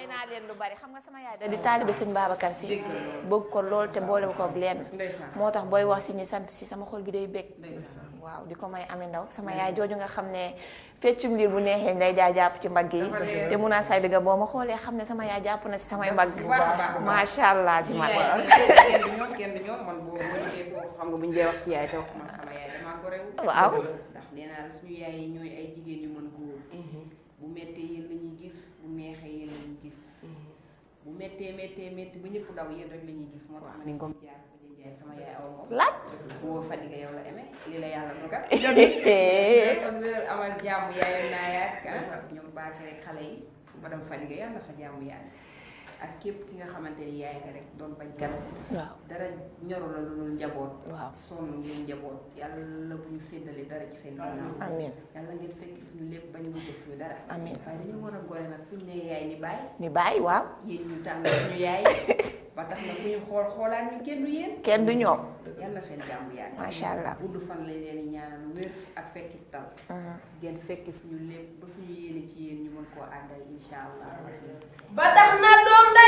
naa leen bari xam nga sama yaay da di taalibe sëñ Babacar si bëgg ko lool te boole ko ak lenn moo tax booy wax si ñi sant si sama xool bi day bëgg waaw di ko may ame ndaw sama yaay jooju nga xam ne feccum liir bu neexee nday jaay jàpp ci mbagg yi te mun naa say digga boo ma xoolee xam ne sama yaay jàpp na si samay mbagg macha allah si man xam nga
bu ñu wax ci yaay te wax man ko rew waaw méttee méttee métti ba ñëpp daw yéen rek la ñuy gis moo tax ma ne comme jaar ko di jaay sama yaay aw moom laaj woo Fadiga yow la amee lii la yàlla duga kon wéral amal jàmm yaayam naa yaag ah, ñoom baake rek xale yi madame Fadiga yàlla fa jàmm yaag ak képp ki nga xamante ni yaay nga rek doon bañkat waaw dara ñoru la lu dul njaboot waaw sonn ngeen njaboot yàlla la bu ñu séddale dara ci seen ginnaaw amiin yàlla ngeen fekk suñu lépp bañ mu def suñu dara amiin waaye dañu war a gore nag fu ñu ne yaay ni baay ni baay waaw yéen ñu tànn suñu yaay ba tax na ku ñu xool xoolaan ñu kenn du yéen. kenn du ñoom. yal na seen jàmm macha allah gudd fan lañ leen di ñaanal ak fekki tal. Mm-hmm. ngeen fekki suñu lépp ba suñu yéene ci yéen ñu mën koo àndal incha allah. ba tax na doom da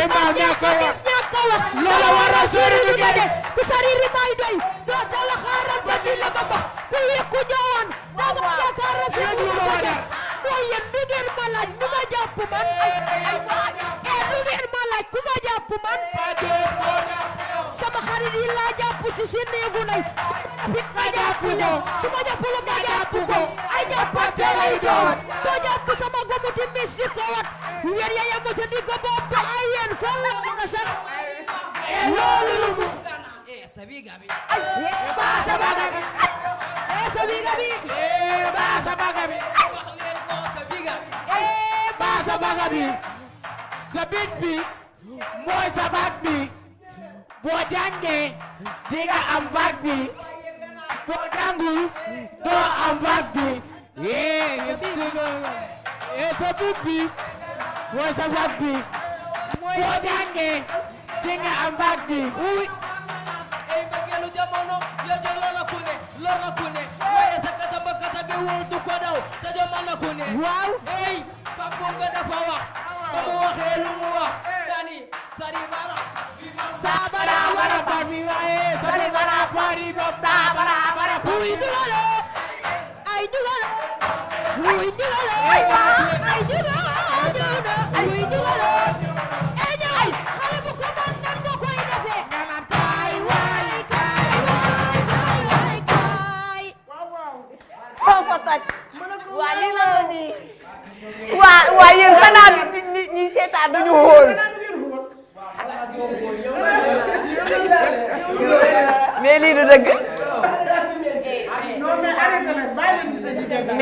démb ñaa koy wax. loolu waral sori ñu ko def.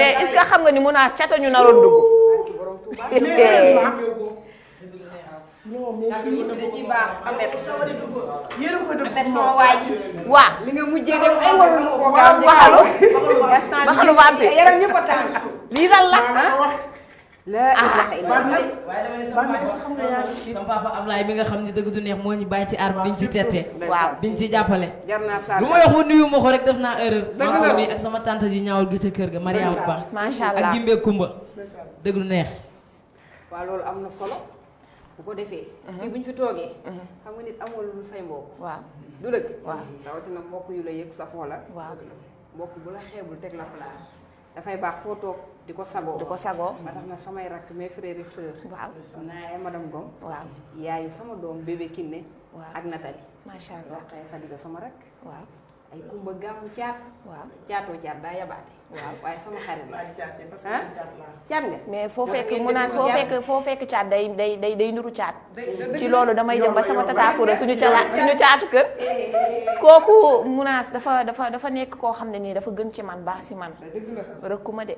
mais est-ce
que xam nga ni Mounass cato ñu naroon dugg. waaw li nga mujjee def ay waru a lii dal la
la ah, ilaha illallah sama papa Ablaye mi nga xam ne dëgg du neex moo ñu bàyyi ci aar bi ñu ci tette waaw diñ ci jàppale
lu ma wax ma
nuyu ma ko rek def naa erreur maa ko ak sama tante ji ñaawul gi ca kër gi Mariama Ba macha allah ak Jimbe Kumba dëgg du neex
waaw loolu am na solo bu ko defee mhm. fii bu ñu fi toogee mhm. xam nga nit amul lu say mbokk waaw du dëgg waaw rawatina mbokk yu la yëg sa foola waaw mbokk bu la xeebul teg la place dafay baax foo toog di ko sagoo. di ko sagoo ma tax na samay rakk mes frères et sœurs. waaw naaya madame Gom. waaw yaayu sama doom bébé Kiné. waaw ak Nathalie. macha allah xëy Fadiga sama rakk. waaw ay kumba gàmmu caat. waaw caatoo caat daa yabaate. waaw waaye sama xarit la ah caat nga. mais foo fekk munaas foo fekk
foo fekk caat day day day day nuru caat. ci loolu damay dem ba sama tataakura suñu caat suñu caatu kër. Eh, eh, eh, kooku munaas dafa dafa dafa nekk koo xam ne nii dafa gën ci man baax si man. rëkku ma de.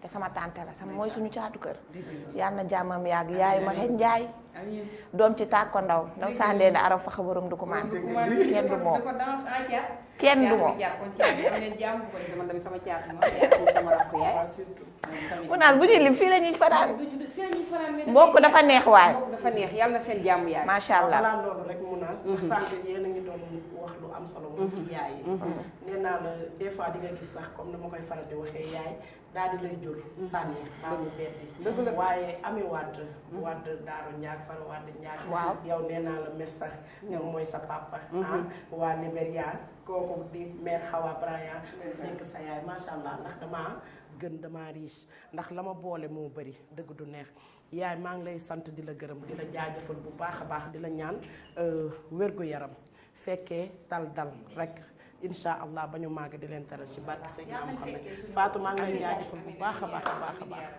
te sama tànte la sama mooy suñu caatu kër yal na jàmmam yàgg yaay ma xeeñ njaay doom ci tàkko ndaw ndaw sàndee ne araw faxa borom du ko kenn du moom kenn du moom munaas ah, bu fii la ñuy fanaan ah, mbokk dafa neex waay dafa neex yal seen jàmm yàgg macha allah
loolu
mhm. am solo moom ci yaay mhm. Mhm. des fois di nga gis sax comme ni ma koy faral di waxee yaay daal di lay jur mm-hmm. sànni baamu beddi dëgg la waaye ami wadd mm-hmm. wadd daaru njaag fara wadd njaag waaw yow nee la mestax ñoom mm-hmm. mooy sa papa ah waa Liberia kooku di mère Hawa Braya nekk sa yaay macha allah ndax damaa gën damaa riche ndax la ma boole moo bëri dëgg du neex yaay maa ngi lay sant di la gërëm di la jaajëfal bu baax a baax di la ñaan euh, wér-gu-yaram fekkee tal dal rek incha allah ba ñu màgg di leen teral ci barke sëñ Muhammad Fatou maa ngi lay jaajëfal bu baax a baax a baax a baax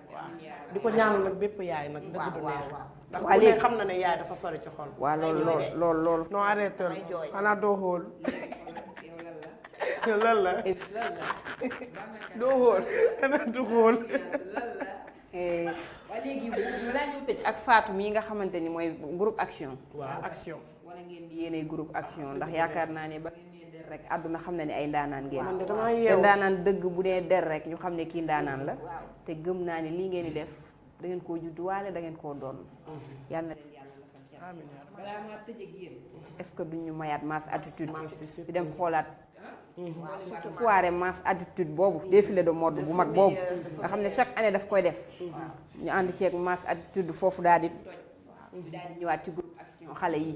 di ko ñaanal nag bépp yaay nag dëgg du neex xam na ne dafa sori ci xol waaw loolu loolu loolu non arrêté xanaa doo xool lan la
doo xool xanaa du ak Fatou mii nga xamante ni mooy groupe action waaw action ndax yaakaar naa ne ba rek àdduna xam na ne ay ndaanaan ngeen te ndaanaan dëgg bu dee der rek ñu xam ne kii ndaanaan la te gëm naa ne lii ngeen di def dangeen ngeen koo judduwaale da ngeen koo doon mhm. yàlla na leen ce que duñu mayaat mass attitude bi dem xoolaat mhm. surtout foire mass attitude boobu défilé do mode bu mag boobu nga xam ne chaque année daf koy def mhm. ñu ànd ceeg mass attitude foofu daal di ñëwaat ci groupe xale yi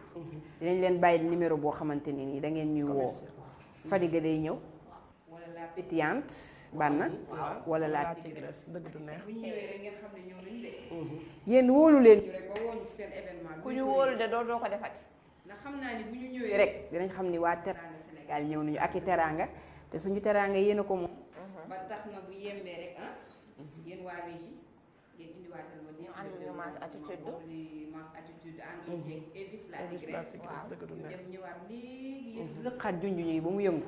dinañ leen bàyyi numéro boo xamante ne nii dangeen ngeen ñuy woo. Fadiga day ñëw. wala la pétillante. banna wala la du neex. bu mm-hmm. wóolu leen. rek ku ñu wóolu de doo doo ko defati. ndax xam ni rek dinañ xam ni waa teraanga Sénégal ñëw nañu ak i teraanga te suñu teraanga yéen ko moom. Mm-hmm. ba tax na bu yembee rek ah. waa régie ngeen indiwaatal ma. ñu judd àndoon ci Elvis la Tigresse dëgg du neex dem ñëwaat léegi lëqaat mhm. junju ñuy ba mu yëngu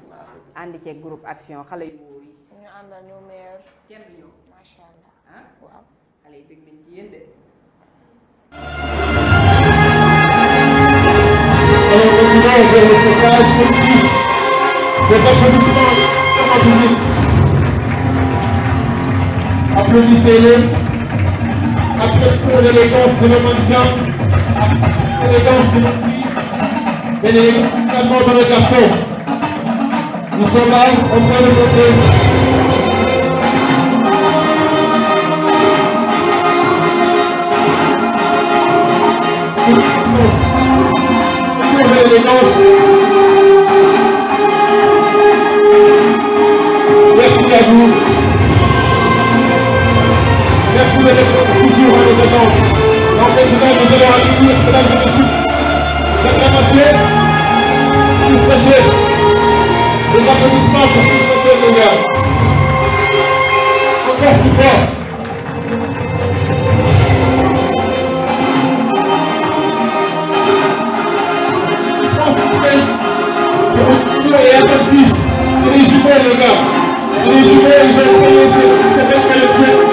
ànd ceeg action xale yu yi ñu àndal ñu meer kenn du ñëw macha allah ah waaw xale yi bëgg nañ
ci yéen de Applaudissez-les. Applaudissez pour l'élégance de nos Élégance de l'esprit, mais dans le garçon. Nous sommes là, en train de côté. Merci à vous. Merci toujours à nos président de la République, mesdames et messieurs, d'acclamations, Fils Sachet, des applaudissements pour Fils Sachet de Léa. Encore plus fort. Et à 26, c'est les jumelles, les gars. C'est les jumelles, ils ont été, c'est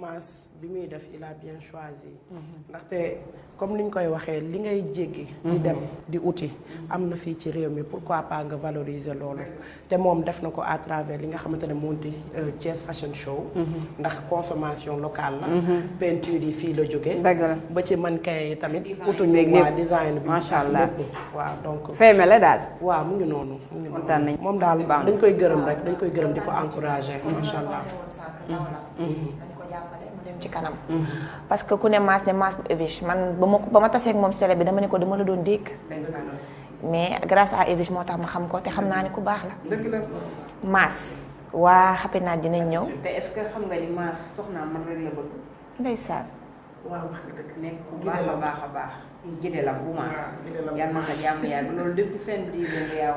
mais bi def il a bien choisi. Mhm. ndaxte comme ni ñu koy waxee li ngay jéggi. di mhm. dem di uti. am ci pourquoi pas nga valoriser lolo. te mom def nako à travers li nga xamante ne euh, Thiès fashion show. Mhm. ndax consommation locale la. peinture yi lo la jóge ba ci man kay tamit. utuñu waa design bi wa donc. feeme la daal. waaw mu ngi noonu. kontaan nañ moom daal dañ koy rek dañ koy gërëm encourager macha allah. jàppale ci kanam. Mhm.
parce que ku ne maas ne maas bu Evich man ba ma ba tasee moom si bi dama ne ko dama la doon dégg. mais grâce à Evich moo tax ma xam ko te xam naa ne ku baax la. dëgg waa xapi naa dinañ ñëw.
te est nga ni maas soxna a baax a baax. gide la bu maas yal na la jàmm yàgg loolu lépp seen biir yëngu yaaw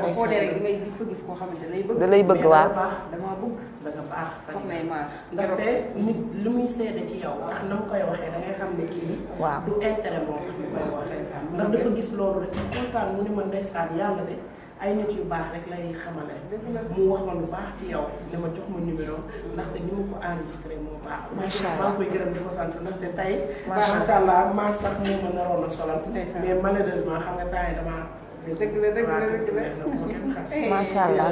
ba xoolee rek dangay di fa gis koo xamante dalay bëgg dalay bëgg waaw dama bëgg da nga baax soxnay maas ndaxte nit lu muy seede ci yow wax na mu
koy waxee da ngay xam ne kii waaw du intérêt moo tax mu koy waxee ndax dafa gis loolu rek kontaan mu ne ma ndeysaan yàlla de ay nit yu baax rek lay xamale mu wax ma lu baax ci yow dama jox ma numéro ndaxte ni mu ko enregistré moo baax macha allah maa koy gërëm di ko sant ndaxte tey macha allah maa sax ma naroon a solal mais malheureusement xam nga temps yi damaa dëgg la dëgg la dëgg la macha allah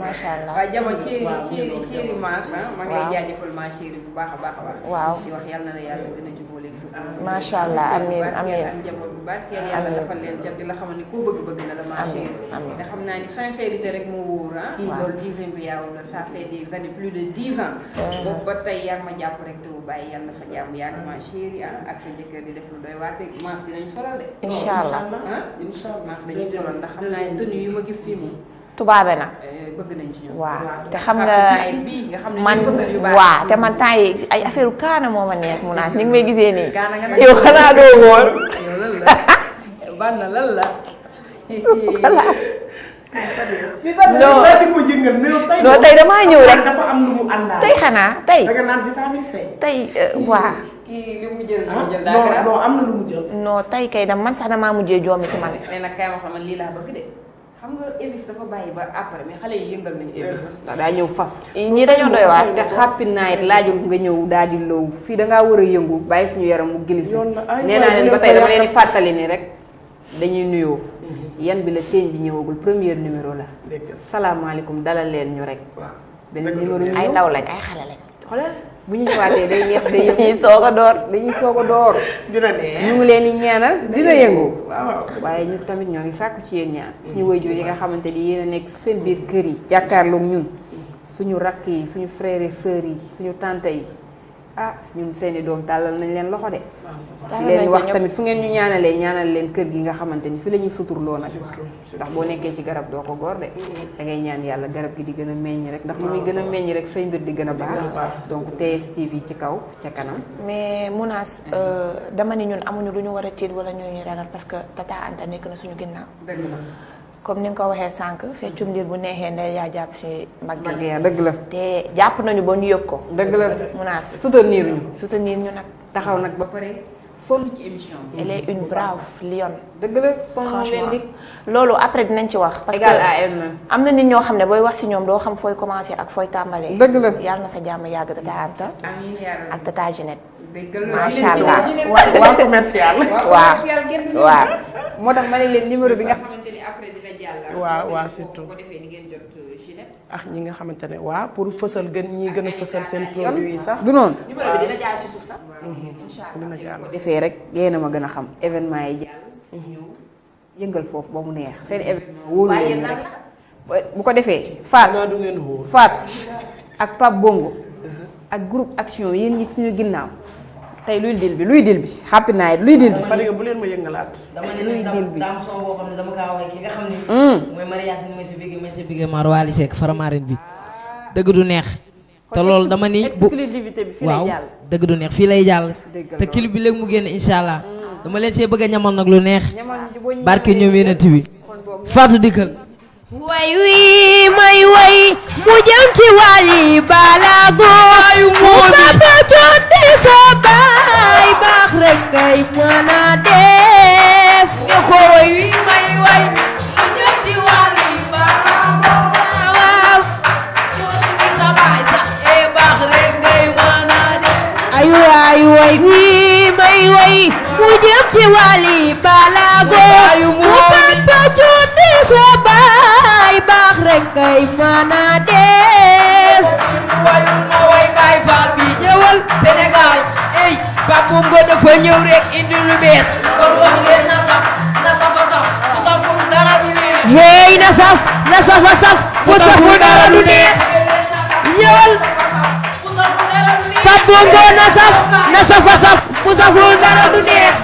macha allah waaw ma ah. ngay
bu baax a baax a baax waaw di wax yàlla na la yàlla gën a jubóoleeg
macha allah amiin amiin
barkeel yàlla defal leen cat di la xamal ni koo bëgg-bëgg na la ma chérie te xam naa ni sincérité rek moo wóor ah loolu dixième bi yaaw la ça fait des années plus de dix ans boobu ba tey yaa ngi ma jàpp rek te bu bàyyi yàlla sa jàmm yaa ngi ma chérie ah ak sa jëkkër di def lu doy waate maas dinañ solal de incha allah ah incha allah maas dañuy solal ndax xam naa tenue yi ma gis fii moom tubaabe na bëgg nañ ci ñoom waaw te xam nga man waaw te
man temps yi ay affaire kaana moo ma neex mu naas ni nga may gisee nii
yow xanaa doo góor Bana lala.
No.
no
tey damaa ñëw rek dafa
am lu mu àndaale tey xanaa tey da nga naan vitamine C tey waa
kii
li mu jël mu jël daa grave non am
na lu mu jël non tey kay dam man sax damaa mujjee joomi si man mais nag
kay wax la man lii laa bëgg de xam nga Evis eh, dafa bàyyi ba après mais xale yi yëngal nañu Evis ndax daa ñëw fas ñii dañoo doy waar te happy night laajul nga ñëw daal di loowu fii dangaa war a eh, yëngu bàyyi suñu yaram mu gilis nah, nee naa leen ba tey dama leen di fàttali ni rek dañuy nuyoo. Mhm. yan bi la teeñ bi ñëwagul premier numéro la. salaamaaleykum dalal leen ñu rek. waaw beneen numéro ñu ay ndaw lañ ay xale lañ. xoolal bu ñu ñëwaatee day neex day soog a door dañuy soog a door. neex ñu leen di ñaanal dina yëngu. waaye ñu tamit ñoo ngi sàkku ci yéen ñaan. suñu mhm. waajur yi nga xamante ni yéen a nekk seen biir kër yi. jàkkaarlook ñun mhm. suñu rakk yi suñu frères et yi suñu tante yi ah ñun seen i doom tàllal nañ leen loxo de. leen wax tamit fu ngeen ñu ñaanalee ñaanal leen kër gi nga xamante ni fi la ñuy suturloo nag. ndax boo nekkee ci garab doo ko góor de. da ngay ñaan yàlla garab gi di gën a meññ rek ndax mu muy gën a meññ rek say mbir di gën a baax. donc TSTV ci kaw ca kanam.
mais Mounas mm-hmm. euh, dama ne ñun amuñu lu ñu war a tiit wala ñoo ñuy ragal parce que Tata Anta nekk na suñu ginnaaw. dëgg la comme ni nga ko waxee sànq feccum liir bu neexee ndey yaa jàpp si mbagg yi dëgg la te jàpp nañu ba ñu yëg ko dëgg la munaas soutenir ñu soutenir ñu nag taxaw nag ba pare sonn ci émission bi elle est une dëgg la sonn leen di loolu dinañ ci wax parce que am na nit ñoo xam ne booy wax si ñoom doo xam fooy commencé ak fooy tàmbalee dëgg la yàlla na sa jàmm yàgg tata Anta amiin ak tata Ginette dëgg la macha allah waaw waaw commercial. waaw commercial génn waaw moo tax ma ne leen numéro bi
nga xamante ni après dina jàll. waaw waaw surtout ko defee ni ngeen jot Ginette.
ah ñi nga xamante ne
waaw pour fësal gën ñi gën a fësal seen produit yi sax. du noonu numéro bi
dina jàll ci suuf sax.
incha dina jàll ko defee rek yéen ma gën xam événement yi jàll. yëngal foofu ba mu neex seen événement wóolu bu ko defee. Faat Faat ak Pape Bongo. ak groupe action yéen ñi suñu ginnaaw tey luy dil bi luy dil bi happy night luy dil bi.
Maria bu leen ma yëngalaat. luy dil bi dama soo boo xam ne dama kaa woy ki nga mm. bi dëgg du neex. te loolu dama ni bu exclusivité dëgg du neex fii lay jàll. te clip bi léegi mu génn incha allah. Mm. dama leen see bëgg a ñamal nag lu neex. barke ñoom yéen a tiwi faatu dikkal. way
wi may way mu jëm ci wàlli balago mu papa jonde sa baay baax rek ngay mën a def ne ko way wi may way mu jëm ci wàlli
balago waaw jonde sa baay sax e baax rek ngay mën a
def ay waay way wi may way mu jëm ci wàlli balago mu papa jonde sa baay ngay mën a def
wayul ma way Baay Faal bi ñëwal Sénégal ey Pape Ngo dafa ñëw rek indi lu bees kon wax leen na saf na safa saf bu saful dara du neex hey na saf na safa saf bu saful dara du neex
ñëwal
Pape Ngo na saf na
safa saf bu saful dara du neex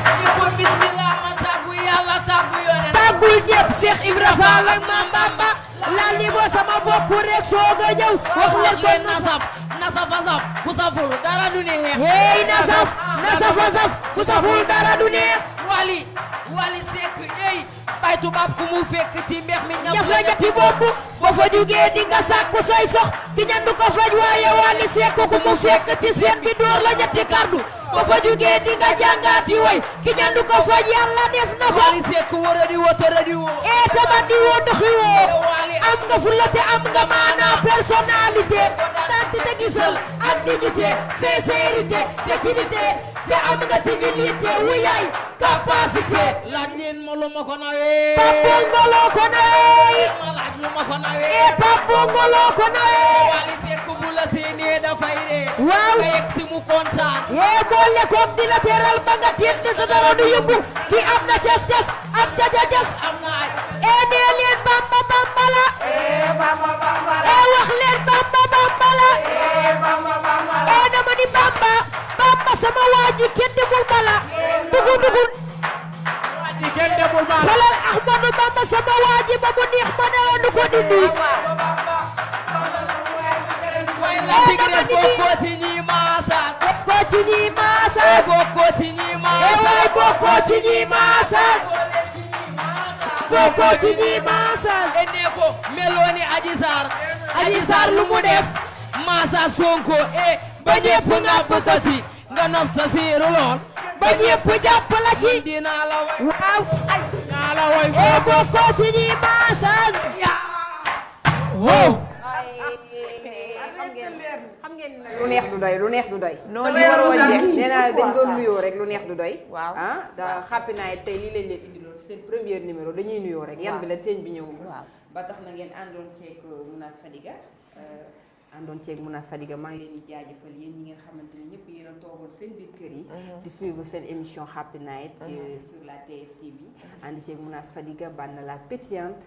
bismillah ma tàggu yàlla tàggu yoone tàggul
ñëpp Cheikh Ibra Fall ak Mame Bamba laal li moo sama bopp rek soo ko ñëw wax leen ko nasaf nasaf asaf bu saful dara du neex hey nasaf nasaf asaf bu saful dara du neex wali wali sekk ey bay tubaab ku mu fekk ci mbex mi ñam la ñetti
bopp boo fa jugee di nga sàkku say sox ki ñandu ko faj waaye wali sekk ku mu fekk ci seen bi door la ñetti kardu boo fa jugee di nga jàngaati way ki ñandu ko faj yàlla def na ko wali sekk wara di woo eh, tara di woo ee tama di woo doxi woo am nga fulla te am nga maanaa personnalité tantité gisal ak dignité te am nga ci nit wu yaay
capacité laaj leen ma lu ma ko nawee ko nawee ma laaj lu ma ko nawee eh, waaw wee eh, boole koog
di ba nga tiit ne te dara ki am na cas cas am ca jajas am bambala eh wax leen bamba bambala eh dama ni bamba bamba sama waaji kenn demul bala dugu dugu waaji kenn demul bala xoolal Ahmadu bamba sama waaji ba mu neex ma ne la nu ko dindi
la eh, tigre bokko
ci ñi maasa bokko ci ñi maasa eh, bokko ci ñi maasa eh, bokko ci ñi maasa ko ko ci ñi
maasal ene ko melooni Adji Sarr lu mu def maasa Sonko e ba ñépp ngàpp ko ci nga nopp sa siiru lool ba jàpp la ci dinaa la way waaw dinaa la way e
bokko
ci neex lu neex du doy. noonu la waroon dañ doon nuyoo rek lu neex du doy. c'est le premier numéro dañuy nuyo rek. yan bi la teeñ bi ñëwul. waaw ba tax na ngeen ci ak Mounas Fadiga. euh ci ak Mounas Fadiga ma ngi leen di jaajeufal yeen ñi ngeen xamanteni ñepp ñëpp yéen a seen biir kër yi. Mhm. di suivre seen émission Happy Night. Euh, mhm. sur la TFTV. ci ak Mounas Fadiga bànn la pétillante.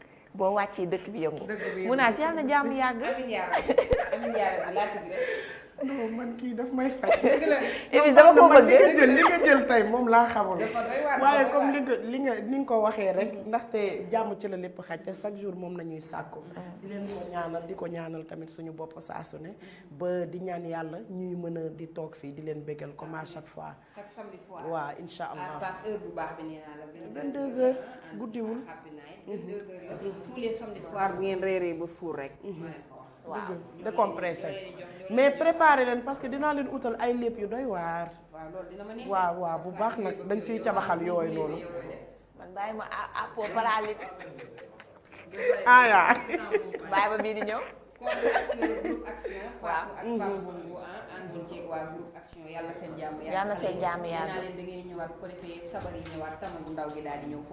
boo wàccee dëkk bi yëngu. dëkk bi yëngu mun naa si yàlla na jàmm yàgg. amiin yaa rabbi amiin yaa non man kii daf may fay.
dëgg dama ko bëgg jël li nga jël tey moom laa xamul. waaye comme li nga li nga ko waxee rek ndaxte jàmm ci la lépp xaj te chaque jour moom la ñuy sàkku. Mm. di leen ko ñaanal di ko ñaanal tamit suñu bopp saa su ne ba di ñaan yàlla ñuy mën a di toog fii di leen bégal comme à chaque fois.
chaque samedi soir waaw
incha allah. à part
heure guddiwul. Mm-hmm. rek. Mm-hmm. waaw décompressé mais
préparé leen parce que dinaa leen utal ay lépp yu doy waar. waaw waaw bu baax nag dañ koy cabaxal yooyu noonu.
man bàyyi ma àppoo balaa lépp.
bàyyi ma bii di
ñëw. waaw. àndoon ci waa groupe action yàlla seen jàmm yàlla na seen jàmm yàlla leen da ñëwaat ko defee sabar yi ñëwaat ndaw gi daal di ñëw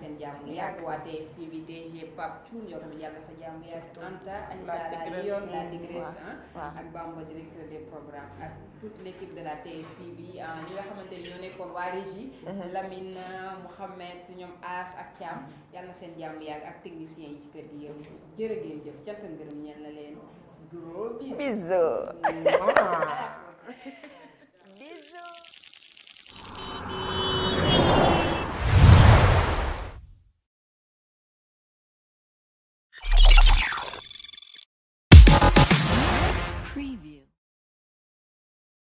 seen jàmm yàgg waa TSTV DG Pape Thioune yow tamit yàlla sa jàmm yàgg Anta Anita la mm. ak Bamba directeur des programmes ak tout l'équipe de la TSTV ñi nga xamante ni ñoo nekkoon waa régie mm-hmm. Lamine Mouhamed ñoom As ak Thiam mm-hmm. yàlla na seen jàmm yàgg ak technicien yi ci kër gi yëpp jërë ngeen jëf cant ngërëm ñeen la leen Durou,
Bisou.